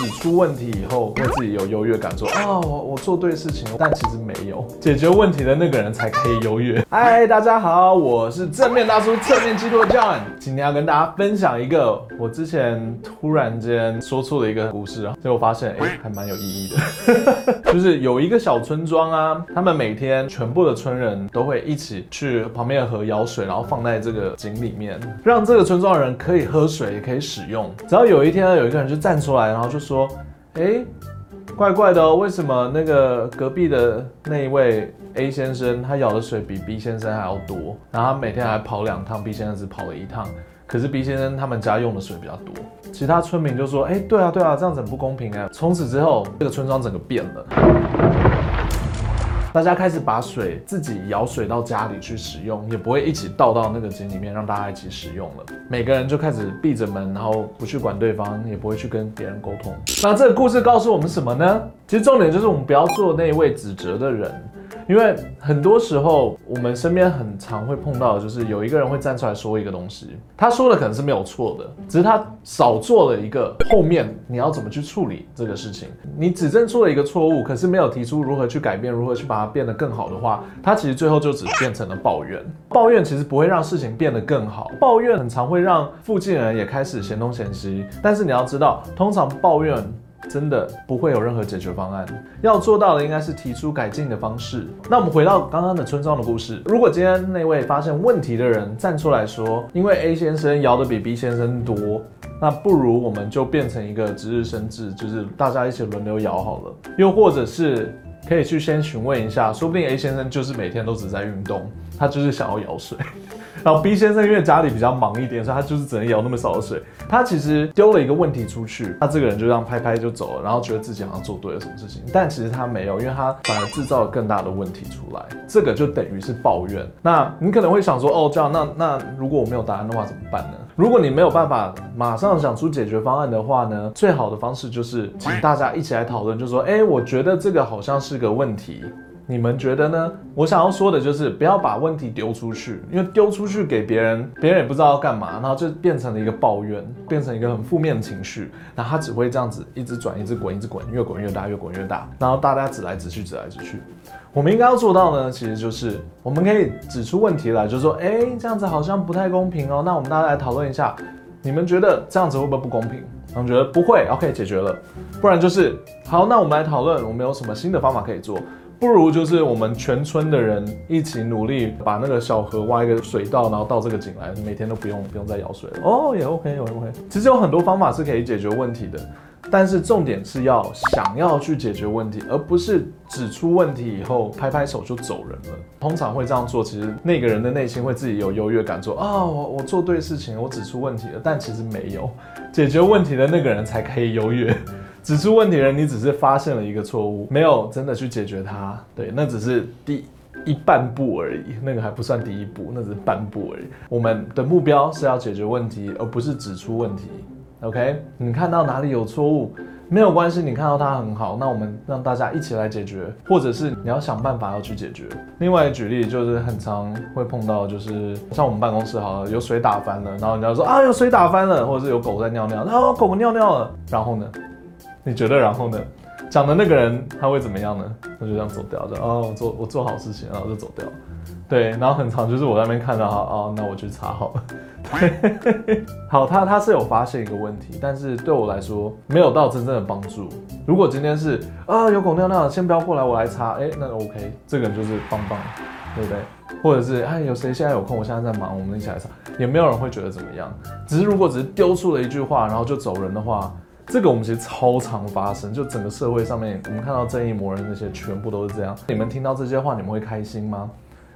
指出問題以後，會自己有優越感說，說哦，我我做對事情，但其實沒有解決問題的那個人才可以優越。嗨，大家好，我是正面大叔，側面激突的 Jon，今天要跟大家分享一個我之前突然間說出的一個故事啊，結果發現哎、欸、還蠻有意義的， 就是有一個小村莊啊，他們每天全部的村人都會一起去旁邊的河舀水，然後放在這個井裡面，讓這個村莊的人可以喝水也可以使用。只要有一天呢，有一個人就站出來，然後就說說，哎、欸，怪怪的、哦，為什麼那個隔壁的那一位 A 先生，他舀的水比 B 先生還要多，然後他每天還跑兩趟，B 先生只跑了一趟，可是 B 先生他們家用的水比較多，其他村民就說，哎、欸，對啊，對啊，這樣子很不公平哎、欸。從此之後，這個村莊整個變了。大家開始把水自己舀水到家裡去使用，也不會一起倒到那個井裡面讓大家一起使用了。每個人就開始閉着門，然後不去管對方，也不會去跟別人溝通。那這個故事告訴我們什麼呢？其實重點就是我們不要做那一位指責的人。因為很多時候，我們身邊很常會碰到的就是有一個人會站出來說一個東西，他說的可能是沒有錯的，只是他少做了一個後面你要怎麼去處理這個事情。你指正出了一個錯誤，可是沒有提出如何去改變，如何去把它變得更好的話，他其實最後就只變成了抱怨。抱怨其實不會讓事情變得更好，抱怨很常會讓附近人也開始嫌東嫌西。但是你要知道，通常抱怨。真的不會有任何解決方案。要做到的應該是提出改進的方式。那我們回到剛剛的村莊的故事，如果今天那位發現問題的人站出來說，因為 A 先生舀得比 B 先生多，那不如我們就變成一個值日生制，就是大家一起輪流舀好了。又或者是。可以去先詢問一下，說不定 A 先生就是每天都只在運動，他就是想要舀水，然後 B 先生因為家裡比較忙一點，所以他就是只能舀那麼少的水。他其實丟了一個問題出去，他這個人就這樣拍拍就走了，然後覺得自己好像做對了什麼事情，但其實他沒有，因為他反而制造了更大的問題出來。這個就等於是抱怨。那你可能會想說，哦，這樣，那那如果我沒有答案的話怎麼辦呢？如果你沒有辦法馬上想出解決方案的話呢，最好的方式就是請大家一起來討論，就說，哎、欸，我覺得這個好像是個問題。你們覺得呢？我想要說的就是，不要把問題丟出去，因為丟出去給別人，別人也不知道要幹嘛，然後就變成了一個抱怨，變成一個很負面的情緒，然後它只會這樣子一直轉，一直滾，一直滾，越滾越大，越滾越大。然後大家指來指去，指來指去。我們應該要做到呢，其實就是我們可以指出問題來，就是說，哎、欸，這樣子好像不太公平哦。那我們大家來討論一下，你們覺得這樣子會不會不公平？他們覺得不會，OK，解決了。不然就是好，那我們來討論，我們有什麼新的方法可以做。不如就是我們全村的人一起努力，把那個小河挖一個水道，然後到這個井來，每天都不用不用再舀水了。哦，也 OK，也 OK, okay。其實有很多方法是可以解決問題的，但是重點是要想要去解決問題，而不是指出問題以後拍拍手就走人了。通常會這樣做，其實那個人的內心會自己有優越感，說啊我、哦、我做對事情，我指出問題了，但其實沒有解決問題的那個人才可以優越。指出問題的人，你只是發現了一個錯誤，沒有真的去解決它。對，那只是第一半步而已，那個還不算第一步，那只是半步而已。我們的目標是要解決問題，而不是指出問題。OK？你看到哪裡有錯誤，沒有關係，你看到它很好，那我們讓大家一起來解決，或者是你要想辦法要去解決。另外一舉例就是很常會碰到，就是像我們辦公室好了，有水打翻了，然後你要說啊有水打翻了，或者是有狗在尿尿，然後狗尿尿了，然後呢？你覺得然後呢？講的那個人他會怎麼樣呢？他就這樣走掉，就啊、哦，我做我做好事情，然後就走掉。對，然後很常就是我在那邊看到，他哦，那我去查好了。對， 好，他他是有發現一個問題，但是對我來說沒有到真正的幫助。如果今天是啊有狗尿尿，先不要過來，我來查，哎、欸，那個、OK，這個人就是棒棒，對不對？或者是哎有誰現在有空？我現在在忙，我們一起來查，也沒有人會覺得怎麼樣。只是如果只是丟出了一句話，然後就走人的話。這個我們其實超常發生，就整個社會上面，我們看到正義魔人那些全部都是這樣。你們聽到這些話，你們會開心嗎？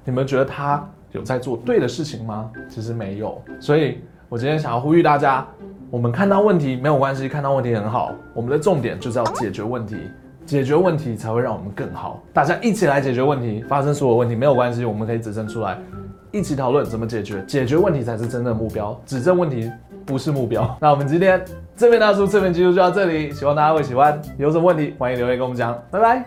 你們覺得他有在做對的事情嗎？其實沒有。所以，我今天想要呼籲大家，我們看到問題沒有關係，看到問題很好。我們的重點就是要解決問題，解決問題才會讓我們更好。大家一起來解決問題，發生所有問題沒有關係，我們可以指證出來，一起討論怎麼解決，解決問題才是真正的目標，指證問題。不是目標。 那我們今天正面大叔、側面激突就到這裡，希望大家會喜歡。有什麼問題歡迎留言跟我們講，拜拜。